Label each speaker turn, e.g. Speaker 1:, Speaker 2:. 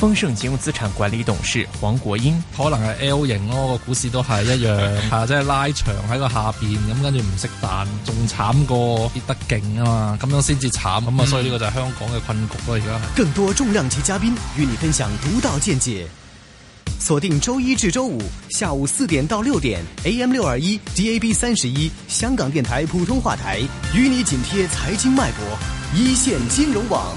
Speaker 1: 豐盛金融資產管理董事黃國英，可能係 L 型咯、哦，個股市都係一樣，吓即係拉長喺個下邊，咁跟住唔識彈，仲慘過跌得勁啊嘛，咁樣先至慘，咁、嗯、啊，所以呢個就係香港嘅困局咯、啊，而家係。更多重量級嘉賓與你分享獨到見解，鎖定周一至周五下午四點到六點，AM 六二一，DAB 三十一，AM621, DAB31, 香港電台普通話台，與你緊貼財經脈搏，一線金融網。